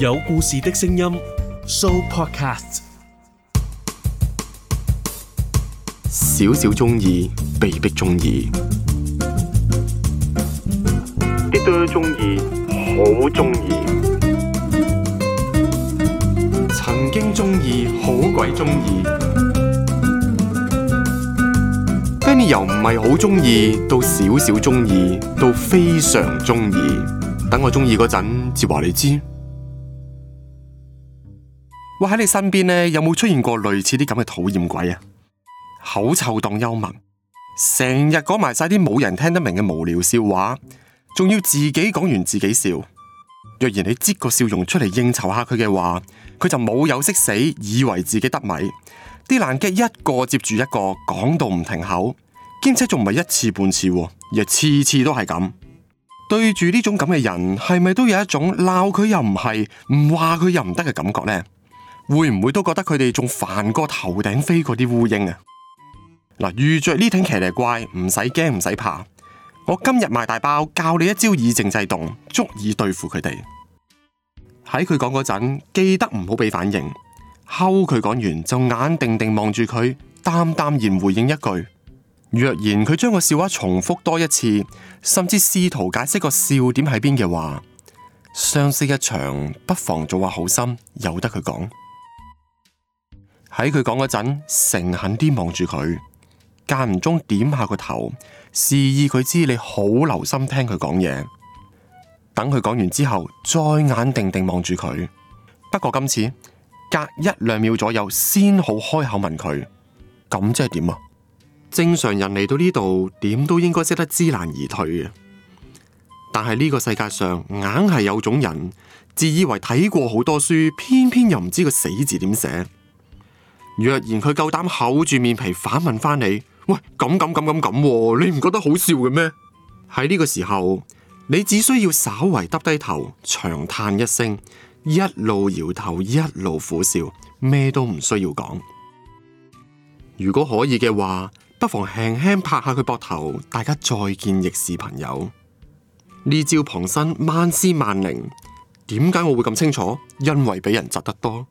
有故事的聲音，Show Podcast。少少中意，被逼中意；啲多中意，好中意。曾經中意，好鬼中意。Benny 由唔係好中意，到少少中意，到非常中意。等我中意嗰陣，至話你知。喂，喺你身邊咧，有冇出現過類似啲咁嘅討厭鬼啊？口臭當幽默，成日講埋晒啲冇人聽得明嘅無聊笑話，仲要自己講完自己笑。若然你擠個笑容出嚟應酬下佢嘅話，佢就冇有識死，以為自己得米。啲爛 gag 一個接住一個講到唔停口，兼且仲唔係一次半次，而次次都係咁。對住呢種咁嘅人，係咪都有一種鬧佢又唔係，唔話佢又唔得嘅感覺呢？會唔會都覺得佢哋仲煩過頭頂飛嗰啲烏蠅啊？嗱，遇著呢挺騎呢怪，唔使驚唔使怕，我今日賣大包教你一招以靜制動，足以對付佢哋。喺佢講嗰陣，記得唔好俾反應。後佢講完就眼定定望住佢，淡淡然回應一句。若然佢將個笑話重複多一次，甚至試圖解釋個笑點喺邊嘅話，相識一場，不妨做下好心，由得佢講。喺佢講嗰陣，誠懇啲望住佢，間唔中點下個頭，示意佢知你好留心聽佢講嘢。等佢講完之後，再眼定定望住佢。不過今次隔一兩秒左右，先好開口問佢，咁即係點啊？正常人嚟到呢度，點都應該識得知難而退嘅。但係呢個世界上硬係有種人，自以為睇過好多書，偏偏又唔知個死字點寫。若然佢夠膽厚住面皮反問翻你，喂咁咁咁咁咁，你唔覺得好笑嘅咩？喺呢個時候，你只需要稍為耷低頭，長嘆一聲，一路搖頭，一路苦笑，咩都唔需要講。如果可以嘅話，不妨輕輕拍下佢膊頭，大家再見亦是朋友。呢招旁身萬試萬靈，點解我會咁清楚？因為俾人窒得多。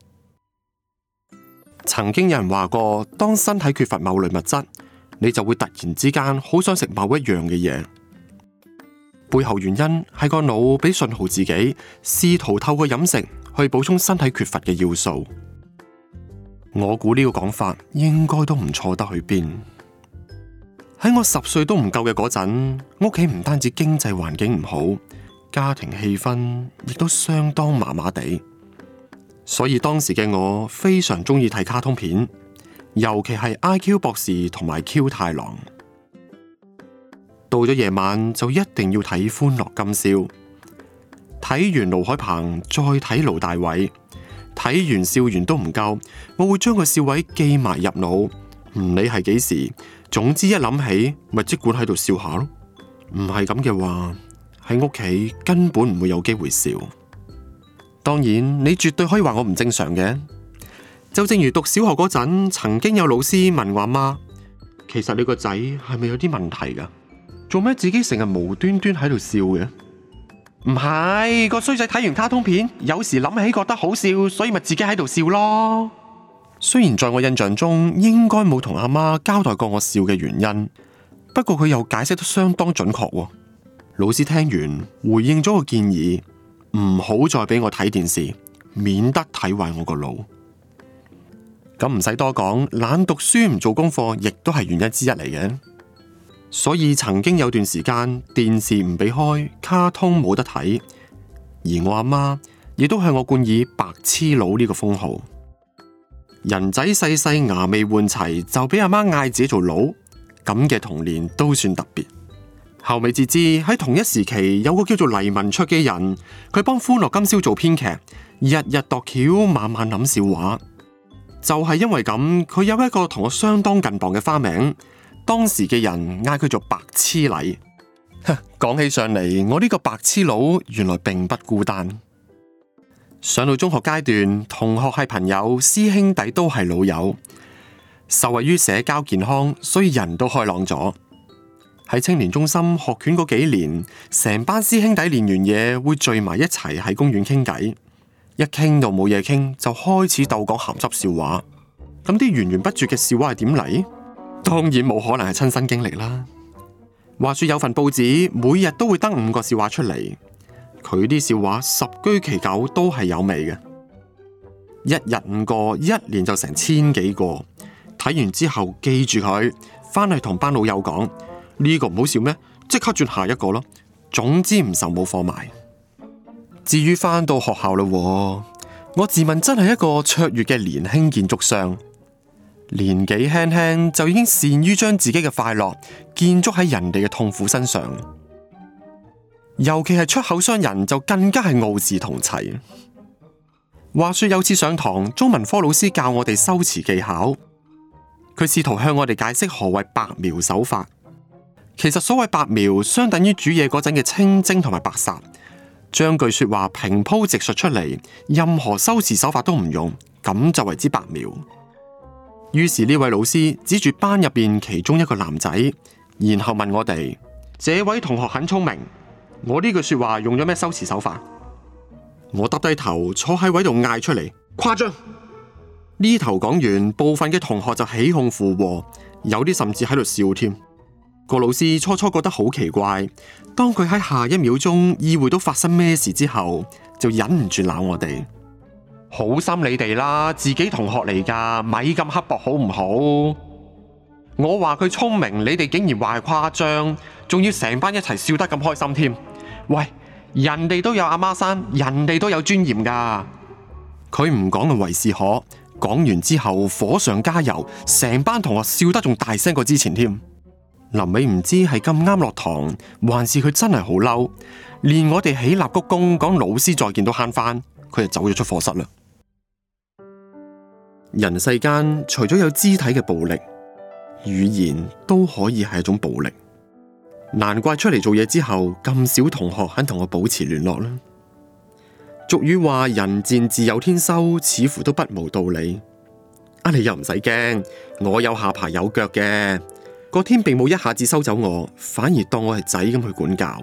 曾經有人話過，當身體缺乏某類物質，你就會突然之間好想食某一樣嘅嘢。背後原因係個腦俾信號自己，試圖透過飲食去補充身體缺乏嘅要素。我估呢個講法應該都唔錯得去邊。喺我十歲都唔夠嘅嗰陣，屋企唔單止經濟環境唔好，家庭氣氛亦都相當麻麻地。所以當時嘅我非常鍾意睇卡通片，尤其係 IQ 博士同埋 Q 太郎。到咗夜晚就一定要睇《歡樂今宵》，睇完盧海鵬再睇盧大偉，睇完笑完都唔夠，我會將個笑位記埋入腦，唔理係幾時，總之一諗起咪即管喺度笑下咯。唔係咁嘅話，喺屋企根本唔會有機會笑。當然，你絕對可以話我唔正常嘅。就正如讀小學嗰陣，曾經有老師問我阿媽，其實你個仔係咪有啲問題噶？做咩自己成日無端端喺度笑嘅？唔係個衰仔睇完卡通片，有時諗起覺得好笑，所以咪自己喺度笑咯。雖然在我印象中，應該冇同阿媽交代過我笑嘅原因，不過佢又解釋得相當準確。老師聽完回應咗個建議。唔好再俾我睇電視，免得睇壞我個腦。咁唔使多講，懶讀書唔做功課，亦都係原因之一嚟嘅。所以曾經有段時間，電視唔俾開，卡通冇得睇，而我阿媽亦都向我冠以白痴佬呢個封號。人仔細細牙未換齊，就俾阿媽嗌自己做佬，咁嘅童年都算特別。後尾至知喺同一時期有個叫做黎文卓嘅人，佢幫歡樂今宵做編劇，日日度橋，晚晚諗笑話。就係、是、因為咁，佢有一個同我相當近磅嘅花名，當時嘅人嗌佢做白痴黎。哈，講起上嚟，我呢個白痴佬原來並不孤單。上到中學階段，同學係朋友，師兄弟都係老友，受惠於社交健康，所以人都開朗咗。喺青年中心學拳嗰幾年，成班師兄弟練完嘢，會聚埋一齊喺公園傾偈，一傾到冇嘢傾就開始鬥講鹹濕笑話。咁啲源源不絕嘅笑話係點嚟？當然冇可能係親身經歷啦。話說有份報紙每日都會登五個笑話出嚟，佢啲笑話十居其九都係有味嘅。一日五個，一年就成千幾個。睇完之後記住佢，返去同班老友講。呢個唔好笑咩？即刻轉下一個咯。總之唔愁冇貨賣。至於返到學校啦，我自問真係一個卓越嘅年輕建築商，年紀輕輕就已經善於將自己嘅快樂建築喺人哋嘅痛苦身上。尤其係出口傷人就更加係傲視同儕。話說有次上堂，中文科老師教我哋修辭技巧，佢試圖向我哋解釋何謂白描手法。其實所謂白描，相等於煮嘢嗰陣嘅清蒸同埋白霎，將句說話平鋪直述出嚟，任何修辭手法都唔用，咁就為之白描。於是呢位老師指住班入邊其中一個男仔，然後問我哋：這位同學很聰明，我呢句說話用咗咩修辭手法？我耷低頭坐喺位度嗌出嚟：誇張。呢頭講完，部分嘅同學就起哄附和，有啲甚至喺度笑添。個老師初初覺得好奇怪，當佢喺下一秒鐘意會到發生咩事之後，就忍唔住鬧我哋。好心你哋啦，自己同學嚟噶，咪咁刻薄好唔好？我話佢聰明，你哋竟然話誇張，仲要成班一齊笑得咁開心添。喂，人哋都有阿媽生，人哋都有尊嚴噶。佢唔講就為是可講完之後火上加油，成班同學笑得仲大聲過之前添。臨尾唔知係咁啱落堂，還是佢真係好嬲，連我哋起立鞠躬講老師再見都慳翻，佢就走咗出課室啦。人世間除咗有肢體嘅暴力，語言都可以係一種暴力，難怪出嚟做嘢之後咁少同學肯同我保持聯絡啦。俗語話人賤自有天收，似乎都不無道理。阿、啊、你又唔使驚，我有下排有腳嘅。個天並冇一下子收走我，反而當我係仔咁去管教。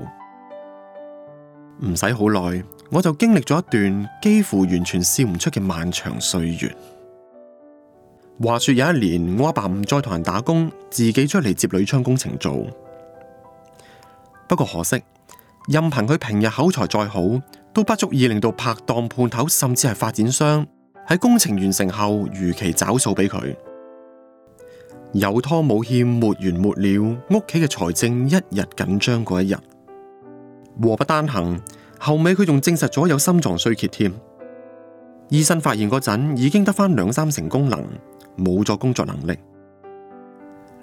唔使好耐，我就經歷咗一段幾乎完全笑唔出嘅漫長歲月。話說有一年，我阿爸唔再同人打工，自己出嚟接鋁窗工程做。不過可惜，任憑佢平日口才再好，都不足以令到拍檔、判頭，甚至係發展商喺工程完成後如期找數俾佢。有拖冇欠，沒完沒了，屋企嘅財政一日緊張過一日。禍不單行，後尾佢仲證實咗有心臟衰竭添。醫生發現嗰陣已經得翻兩三成功能，冇咗工作能力，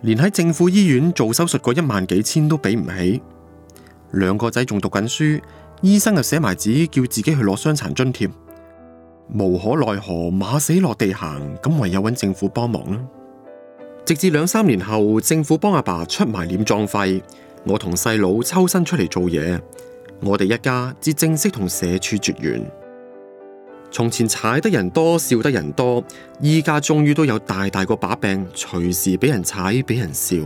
連喺政府醫院做手術嗰一萬幾千都俾唔起。兩個仔仲讀緊書，醫生又寫埋紙叫自己去攞傷殘津貼，無可奈何，馬死落地行，咁唯有揾政府幫忙啦。直至兩三年後，政府幫阿爸,爸出埋殮葬費，我同細佬抽身出嚟做嘢，我哋一家至正式同社署絕緣。從前踩得人多，笑得人多，依家終於都有大大個把柄，隨時俾人踩，俾人笑。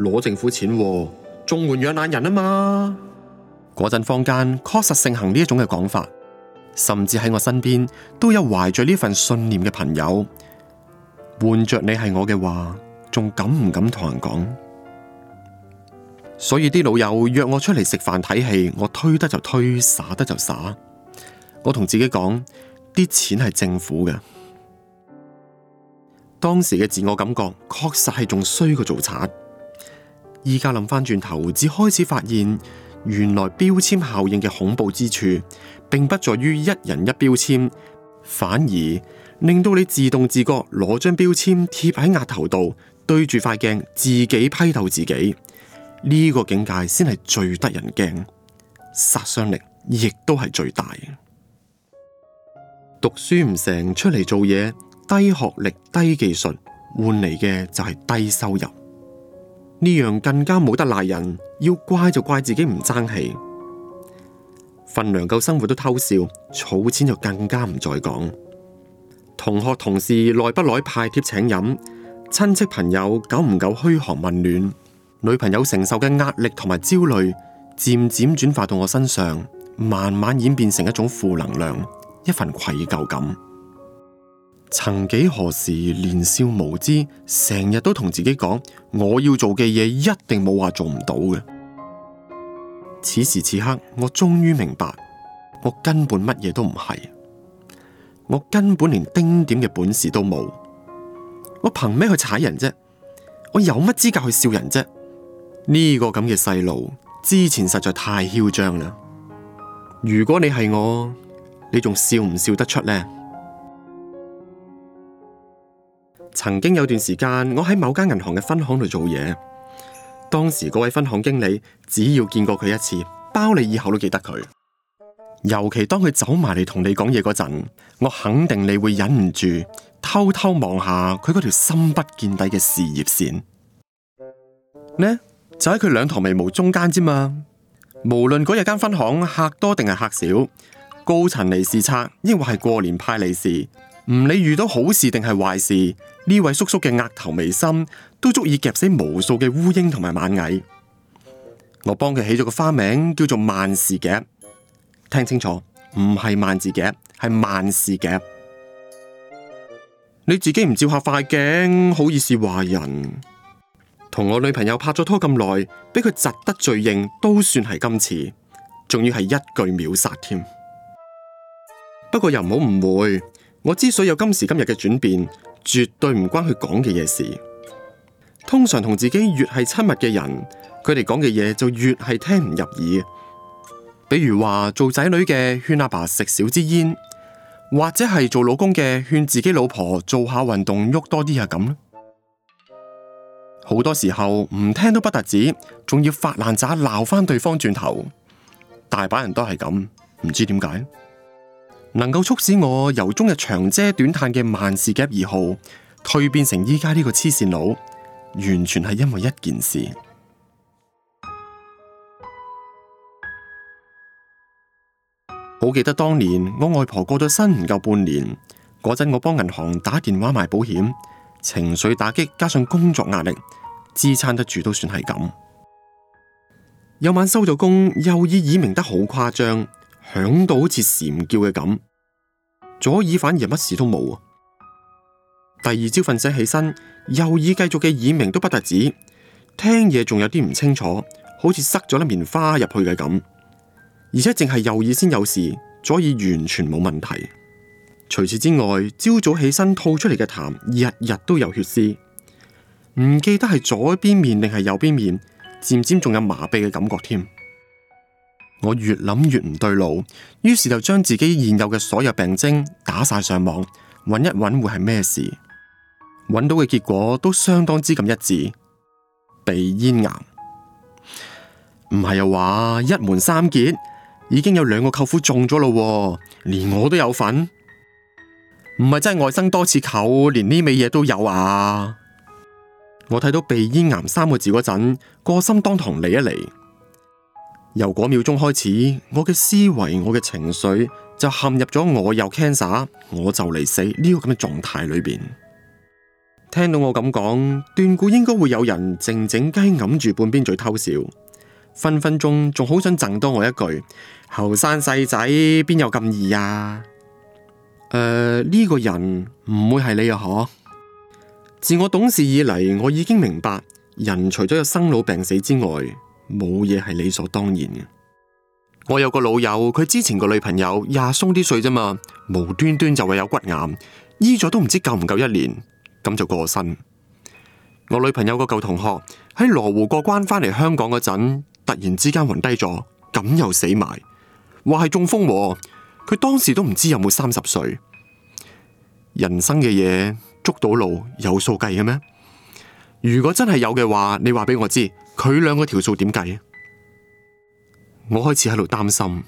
攞政府錢、啊，綜援養懶人啊嘛！嗰陣坊間確實盛行呢一種嘅講法，甚至喺我身邊都有懷着呢份信念嘅朋友。換着你係我嘅話，仲敢唔敢同人講？所以啲老友約我出嚟食飯睇戲，我推得就推，耍得就耍。我同自己講，啲錢係政府嘅。當時嘅自我感覺，確實係仲衰過做賊。依家諗翻轉頭，只開始發現，原來標籤效應嘅恐怖之處，並不在於一人一標籤，反而，令到你自動自覺攞張標籤貼喺額頭度，對住塊鏡自己批鬥自己，呢、這個境界先係最得人驚，殺傷力亦都係最大。讀書唔成出嚟做嘢，低學歷低技術換嚟嘅就係低收入，呢樣更加冇得賴人，要怪就怪自己唔爭氣，份糧夠生活都偷笑，儲錢就更加唔再講。同學同事耐不耐派帖請飲，親戚朋友久唔久嘘寒問暖，女朋友承受嘅壓力同埋焦慮，漸漸轉化到我身上，慢慢演變成一種負能量，一份愧疚感。曾幾何時，年少無知，成日都同自己講，我要做嘅嘢一定冇話做唔到嘅。此時此刻，我終於明白，我根本乜嘢都唔係。我根本連丁點嘅本事都冇，我憑咩去踩人啫？我有乜資格去笑人啫？呢個咁嘅細路之前實在太囂張啦！如果你係我，你仲笑唔笑得出呢？曾經有段時間，我喺某間銀行嘅分行度做嘢，當時嗰位分行經理只要見過佢一次，包你以後都記得佢。尤其當佢走埋嚟同你講嘢嗰陣，我肯定你會忍唔住偷偷望下佢嗰條深不見底嘅事業線。呢就喺佢兩頭眉毛中間啫、啊、嘛。無論嗰日間分行客多定係客少，高層嚟視察，抑或係過年派利是，唔理遇到好事定係壞事，呢位叔叔嘅額頭眉心都足以夾死無數嘅烏蠅同埋螞蟻。我幫佢起咗個花名叫做萬事夾。聽清楚，唔係萬字夾，係萬事夾。你自己唔照下塊鏡，好意思話人？同我女朋友拍咗拖咁耐，俾佢窒得最應都算係今次，仲要係一句秒殺添。不過又唔好誤會，我之所以有今時今日嘅轉變，絕對唔關佢講嘅嘢事。通常同自己越係親密嘅人，佢哋講嘅嘢就越係聽唔入耳。比如話做仔女嘅勸阿爸食少支煙，或者係做老公嘅勸自己老婆做下運動，喐多啲啊咁。好多時候唔聽都不特止，仲要發爛渣鬧翻對方轉頭。大把人都係咁，唔知點解能夠促使我由終日長嗟短嘆嘅萬事夾二號蛻變成依家呢個黐線佬，完全係因為一件事。好記得當年我外婆過咗身唔夠半年，嗰陣我幫銀行打電話賣保險，情緒打擊加上工作壓力，支撐得住都算係咁。有晚收咗工，右耳耳鳴得好誇張，響到好似蟬叫嘅咁，左耳反而乜事都冇。第二朝瞓醒起身，右耳繼續嘅耳鳴都不特止，聽嘢仲有啲唔清楚，好似塞咗粒棉花入去嘅咁。而且淨係右耳先有事，左耳完全冇問題。除此之外，朝早起身吐出嚟嘅痰，日日都有血絲，唔記得係左邊面定係右邊面，漸漸仲有麻痹嘅感覺添。我越諗越唔對路，於是就將自己現有嘅所有病徵打晒上網，揾一揾會係咩事。揾到嘅結果都相當之咁一致，鼻咽癌。唔係又話，一門三傑。已經有兩個舅父中咗咯，連我都有份，唔係真係外甥多似舅，連呢味嘢都有啊！我睇到鼻咽癌三個字嗰陣，個心當堂離一離。由嗰秒鐘開始，我嘅思維、我嘅情緒就陷入咗我有 cancer，我就嚟死呢、這個咁嘅狀態裏邊。聽到我咁講，斷估應該會有人靜靜雞揞住半邊嘴偷笑。分分鐘仲好想贈多我一句，後生細仔，邊有咁易啊？誒，呢個人唔會係你啊？嗬！自我懂事以嚟，我已經明白，人除咗有生老病死之外，冇嘢係理所當然嘅。我有個老友，佢之前個女朋友廿鬆啲歲啫嘛，無端端就話有骨癌，醫咗都唔知夠唔夠一年，咁就過身。我女朋友個舊同學喺羅湖過關返嚟香港嗰陣，突然之間暈低咗，咁又死埋，話係中風喎，佢當時都唔知有冇三十歲。人生嘅嘢捉到路有數計嘅咩？如果真係有嘅話，你話俾我知，佢兩個條數點計啊？我開始喺度擔心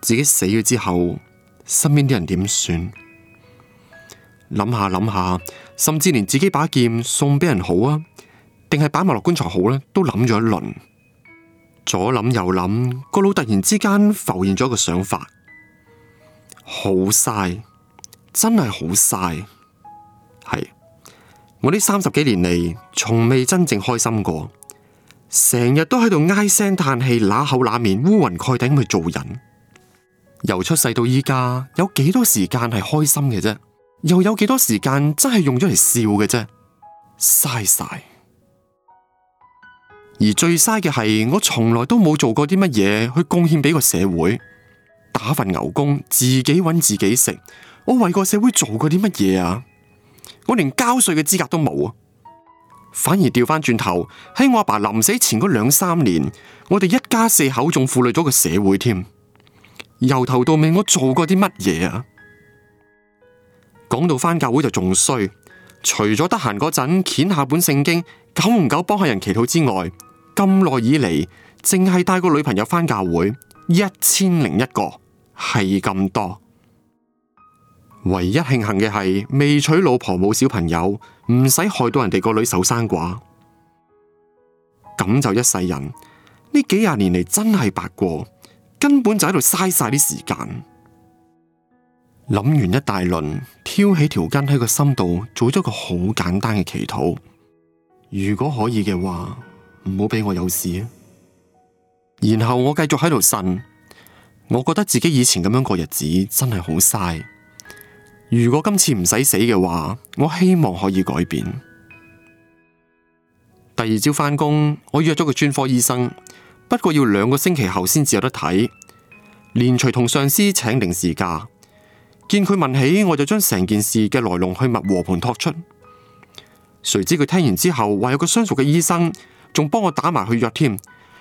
自己死咗之後，身邊啲人點算？諗下諗下，甚至連自己把劍送俾人好啊，定係擺埋落棺材好咧？都諗咗一輪。左諗右諗，個腦突然之間浮現咗一個想法，好嘥，真係好嘥。係我呢三十幾年嚟，從未真正開心過，成日都喺度唉聲嘆氣，乸口乸面，烏雲蓋頂去做人。由出世到依家，有幾多時間係開心嘅啫？又有幾多時間真係用咗嚟笑嘅啫？嘥晒。而最嘥嘅係，我從來都冇做過啲乜嘢去貢獻俾個社會，打份牛工，自己揾自己食。我為個社會做過啲乜嘢啊？我連交稅嘅資格都冇啊！反而調翻轉頭，喺我阿爸臨死前嗰兩三年，我哋一家四口仲負累咗個社會添。由頭到尾，我做過啲乜嘢啊？講到返教會就仲衰，除咗得閒嗰陣掀下本聖經，久唔久幫下人祈禱之外。咁耐以嚟，淨係帶個女朋友返教會一千零一個係咁多。唯一慶幸嘅係未娶老婆，冇小朋友，唔使害到人哋個女守生寡。咁就一世人呢幾廿年嚟真係白過，根本就喺度嘥晒啲時間。諗完一大輪，挑起條筋喺個心度，做咗個好簡單嘅祈禱。如果可以嘅話唔好俾我有事啊！然後我繼續喺度呻，我覺得自己以前咁樣過日子真係好嘥。如果今次唔使死嘅話，我希望可以改變。第二朝返工，我約咗個專科醫生，不過要兩個星期後先至有得睇。連隨同上司請定時假，見佢問起，我就將成件事嘅來龍去脈和盤托出。誰知佢聽完之後話有個相熟嘅醫生。仲幫我打埋去藥添，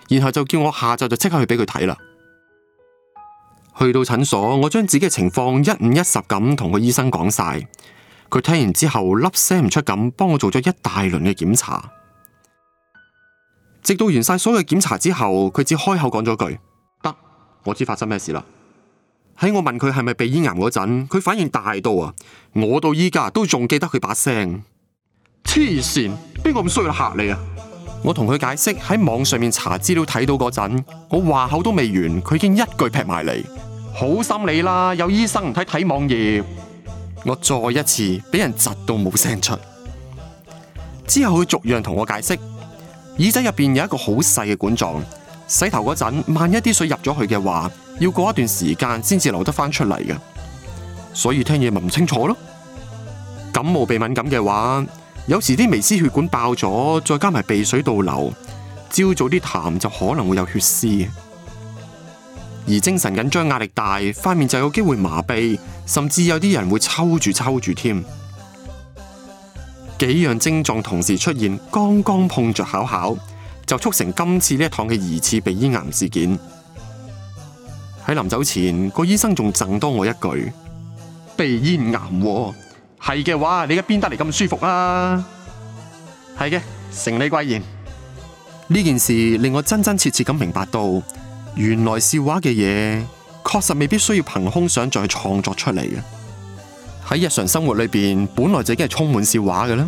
然後就叫我下晝就即刻去俾佢睇啦。去到診所，我將自己嘅情況一五一十咁同個醫生講晒，佢聽完之後粒聲唔出咁幫我做咗一大輪嘅檢查。直到完晒所有檢查之後，佢只開口講咗句：得，我知發生咩事啦。喺我問佢係咪鼻咽癌嗰陣，佢反應大到啊，我到依家都仲記得佢把聲。黐線，邊個咁衰嚟嚇你啊？我同佢解釋，喺網上面查資料睇到嗰陣，我話口都未完，佢已經一句劈埋嚟，好心你啦，有醫生唔睇睇網頁。我再一次俾人窒到冇聲出，之後佢逐樣同我解釋，耳仔入邊有一個好細嘅管狀，洗頭嗰陣萬一啲水入咗去嘅話，要過一段時間先至流得翻出嚟嘅，所以聽嘢唔清楚咯。感冒鼻敏感嘅話。有時啲微絲血管爆咗，再加埋鼻水倒流，朝早啲痰就可能會有血絲。而精神緊張、壓力大，塊面就有機會麻痹，甚至有啲人會抽住抽住添。幾樣症狀同時出現，剛剛碰着巧巧，就促成今次呢一趟嘅疑似鼻咽癌事件。喺臨走前，個醫生仲贈多我一句：鼻咽癌喎。係嘅話，你而家邊得嚟咁舒服啊？係嘅，承你貴言。呢件事令我真真切切咁明白到，原來笑話嘅嘢確實未必需要憑空想象去創作出嚟嘅。喺日常生活裏邊，本來就已經係充滿笑話嘅啦。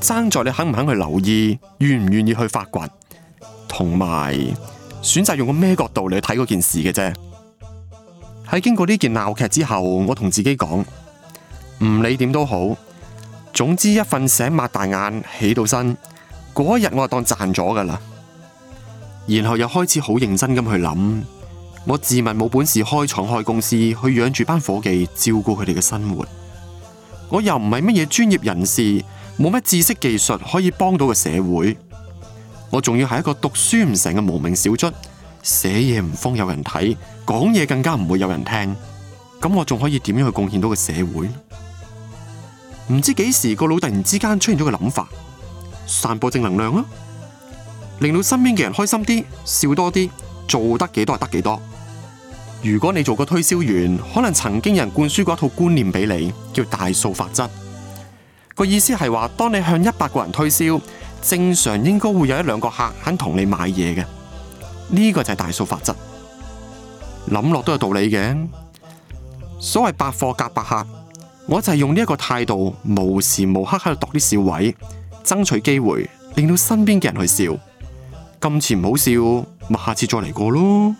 爭在你肯唔肯去留意，願唔願意去發掘，同埋選擇用個咩角度嚟睇嗰件事嘅啫。喺經過呢件鬧劇之後，我同自己講。唔理點都好，總之一瞓醒擘大眼起到身，嗰日我就當賺咗噶啦。然後又開始好認真咁去諗，我自問冇本事開廠開公司去養住班伙計，照顧佢哋嘅生活。我又唔係乜嘢專業人士，冇乜知識技術可以幫到個社會。我仲要係一個讀書唔成嘅無名小卒，寫嘢唔慌有人睇，講嘢更加唔會有人聽。咁我仲可以點樣去貢獻到個社會？唔知幾時個腦突然之間出現咗個諗法，散播正能量啦、啊，令到身邊嘅人開心啲，笑多啲，做得幾多得幾多。如果你做個推銷員，可能曾經有人灌輸過一套觀念俾你，叫大數法則。個意思係話，當你向一百個人推銷，正常應該會有一兩個客肯同你買嘢嘅。呢、這個就係大數法則，諗落都有道理嘅。所謂百貨夾百客。我就係用呢一個態度，無時無刻喺度度啲笑位，爭取機會，令到身邊嘅人去笑。今次唔好笑，咪下次再嚟過咯。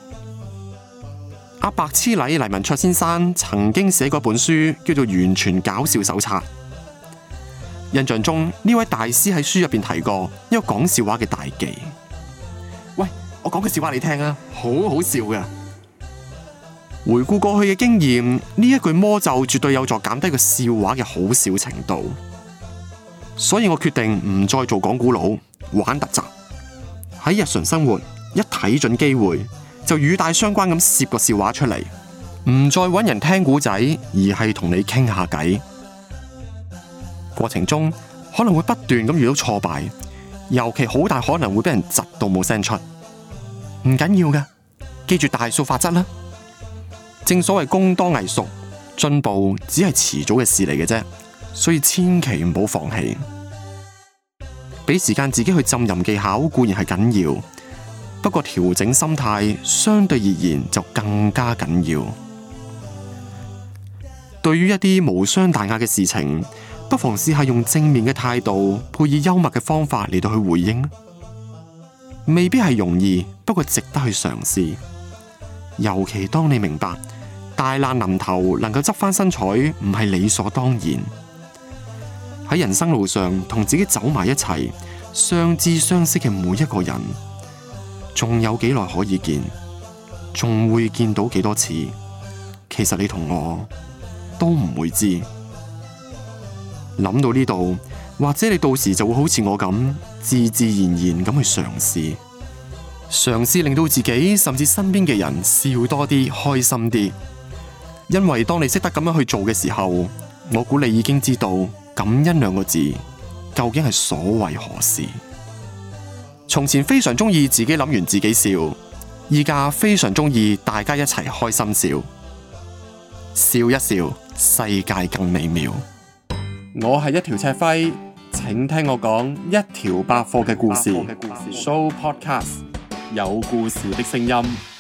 阿白痴禮黎文卓先生曾經寫過本書，叫做《完全搞笑手冊》。印象中呢位大師喺書入邊提過一個講笑話嘅大忌。喂，我講句笑話你聽啦、啊，好好笑㗎。回顧過去嘅經驗，呢一句魔咒絕對有助減低個笑話嘅好笑程度，所以我決定唔再做講古佬，玩特集。喺日常生活，一睇準機會就語帶相關咁攝個笑話出嚟，唔再搵人聽古仔，而係同你傾下偈。過程中可能會不斷咁遇到挫敗，尤其好大可能會俾人窒到冇聲出，唔緊要㗎，記住大數法則啦。正所謂工多藝熟，進步只係遲早嘅事嚟嘅啫，所以千祈唔好放棄。俾時間自己去浸淫技巧固然係緊要，不過調整心態相對而言就更加緊要。對於一啲無傷大雅嘅事情，不妨試下用正面嘅態度，配以幽默嘅方法嚟到去回應，未必係容易，不過值得去嘗試。尤其當你明白大難臨頭能夠執翻身彩唔係理所當然，喺人生路上同自己走埋一齊、相知相識嘅每一個人，仲有幾耐可以見，仲會見到幾多次？其實你同我都唔會知。諗到呢度，或者你到時就會好似我咁，自自然然咁去嘗試。嘗試令到自己甚至身邊嘅人笑多啲，開心啲。因為當你識得咁樣去做嘅時候，我估你已經知道感恩兩個字究竟係所謂何事。從前非常中意自己諗完自己笑，依家非常中意大家一齊開心笑。笑一笑，世界更美妙。我係一條赤輝，請聽我講一條百貨嘅故事。故事 Show podcast。有故事的聲音。